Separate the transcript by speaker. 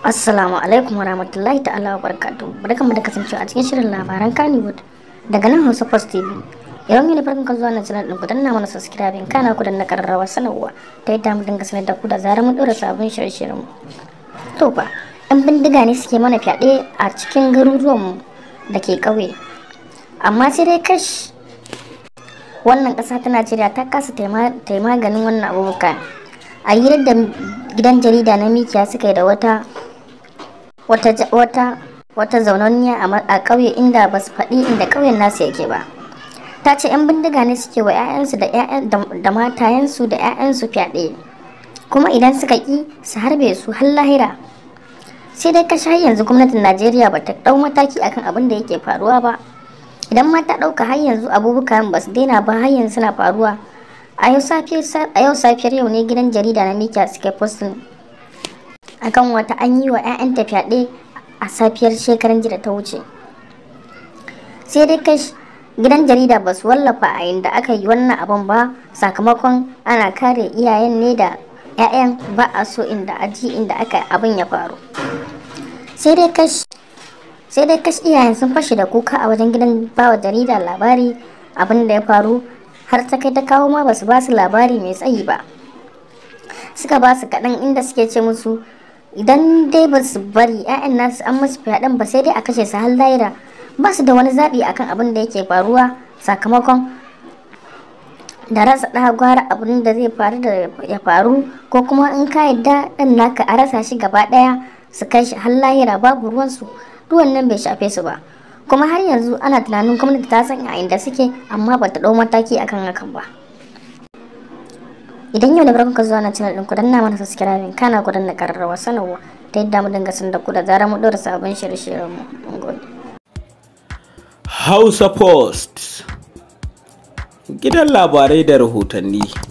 Speaker 1: Assalamu alaikum wa rahmatullahi ta'ala wa barakatu. mu da kasancewa a cikin shirin labaran Kannywood daga nan Hausa Post TV. Yau ne farkon kan zuwa na channel din ku na mana subscribe kana ku na karrawa sanarwa ta yadda mu dinga sanar da ku da zarar mun dora sabon shirye-shiryen mu. To fa, an bindiga ne suke mana fyaɗe a cikin garuruwan mu da ke ƙauye. Amma sai dai kash wannan ƙasa ta Najeriya ta kasa taimaganin wannan abubuwa. A yi da gidan jarida na mikiya suka yi da wata wata wata zaunanniya a ƙauye inda ba su faɗi inda ƙauyen nasu yake ba ta ce 'yan bindiga ne suke wa 'ya'yansu da matayensu da 'ya'yansu fyaɗe kuma idan suka ƙi su harbe su har lahira sai dai kashi har yanzu gwamnatin najeriya ba ta ɗau mataki akan abin da yake faruwa ba idan ma ta ɗauka har yanzu abubuwan ba su daina ba har yanzu suna faruwa a yau safiyar yau ne gidan jarida na mikiya suke postin akan wata an yi wa 'ya'yanta fyaɗe a safiyar shekaran jira ta wuce sai dai kai gidan jarida ba su wallafa a inda aka yi wannan abin ba sakamakon ana kare iyayen ne da 'ya'yan ba a so inda aji inda aka abin ya faru sai dai kashi iyayen sun fashe da kuka a wajen gidan bawa jarida labari abin da ya faru har ta kai ta kawo ma ba su ba su labari mai tsayi ba suka ba su kaɗan inda suke ce musu idan dai ba su bari 'ya'yan nasu an musu fyaɗen ba sai dai a kashe su har laira ba su da wani zaɓi akan abin da yake faruwa sakamakon da rasa ɗa gwara abin da zai faru da ya faru ko kuma in ka yadda ɗan naka a rasa shi gaba ɗaya su kai shi har lahira babu ruwansu ruwan nan bai shafe su ba kuma har yanzu ana tunanin gwamnati ta san a inda suke amma ba ta ɗau mataki akan hakan ba. idan yau da barkan ka zuwa na channel din ku danna mana subscribe kana ku danna ƙararrawa sanarwa ta yadda mu dinga sun da ku da zarar mu dora sabon shirye-shiryen mu Hausa Post gidan labarai da rahotanni